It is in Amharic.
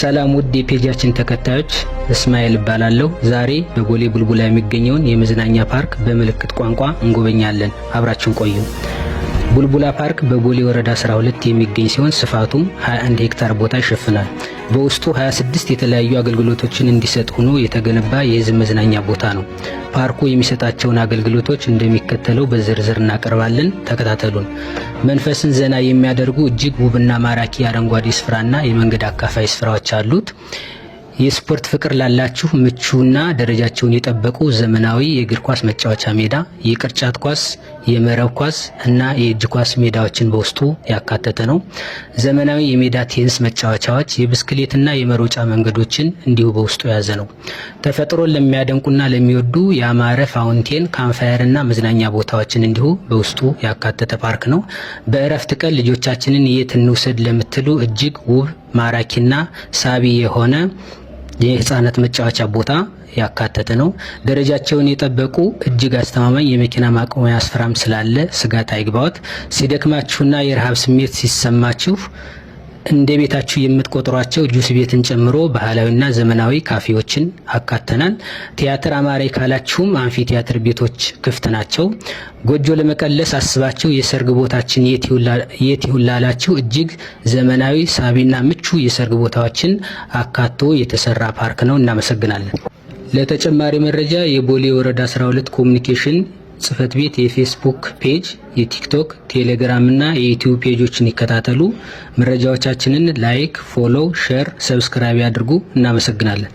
ሰላም ውድ የፔጃችን ተከታዮች፣ እስማኤል እባላለሁ። ዛሬ በቦሌ ቡልቡላ የሚገኘውን የመዝናኛ ፓርክ በምልክት ቋንቋ እንጎበኛለን። አብራችን ቆዩ። ቡልቡላ ፓርክ በቦሌ ወረዳ 12 የሚገኝ ሲሆን ስፋቱም 21 ሄክታር ቦታ ይሸፍናል። በውስጡ 26 የተለያዩ አገልግሎቶችን እንዲሰጥ ሆኖ የተገነባ የህዝብ መዝናኛ ቦታ ነው። ፓርኩ የሚሰጣቸውን አገልግሎቶች እንደሚከተለው በዝርዝር እናቀርባለን። ተከታተሉን። መንፈስን ዘና የሚያደርጉ እጅግ ውብና ማራኪ አረንጓዴ ስፍራና የመንገድ አካፋይ ስፍራዎች አሉት። የስፖርት ፍቅር ላላችሁ ምቹና ደረጃቸውን የጠበቁ ዘመናዊ የእግር ኳስ መጫወቻ ሜዳ፣ የቅርጫት ኳስ፣ የመረብ ኳስ እና የእጅ ኳስ ሜዳዎችን በውስጡ ያካተተ ነው። ዘመናዊ የሜዳ ቴኒስ መጫወቻዎች፣ የብስክሌትና የመሮጫ መንገዶችን እንዲሁ በውስጡ የያዘ ነው። ተፈጥሮን ለሚያደንቁና ለሚወዱ የአማረ ፋውንቴን፣ ካምፋየር እና መዝናኛ ቦታዎችን እንዲሁ በውስጡ ያካተተ ፓርክ ነው። በእረፍት ቀን ልጆቻችንን የት እንውሰድ ለምትሉ እጅግ ውብ ማራኪና ሳቢ የሆነ የህፃናት መጫወቻ ቦታ ያካተተ ነው። ደረጃቸውን የጠበቁ እጅግ አስተማማኝ የመኪና ማቆሚያ አስፈራም ስላለ ስጋት አይግባዎት። ሲደክማችሁና የረሃብ ስሜት ሲሰማችሁ እንደ ቤታችሁ የምትቆጥሯቸው ጁስ ቤትን ጨምሮ ባህላዊና ዘመናዊ ካፌዎችን አካተናል። ቲያትር አማሬ ካላችሁም አንፊ ቲያትር ቤቶች ክፍት ናቸው። ጎጆ ለመቀለስ አስባችሁ የሰርግ ቦታችን የት ይሁን ላላችሁ እጅግ ዘመናዊ ሳቢና ምቹ የሰርግ ቦታዎችን አካቶ የተሰራ ፓርክ ነው። እናመሰግናለን። ለተጨማሪ መረጃ የቦሌ ወረዳ 12 ኮሚኒኬሽን ጽህፈት ቤት የፌስቡክ ፔጅ፣ የቲክቶክ፣ ቴሌግራም እና የዩቲዩብ ፔጆችን ይከታተሉ። መረጃዎቻችንን ላይክ፣ ፎሎው፣ ሼር፣ ሰብስክራይብ ያድርጉ። እናመሰግናለን።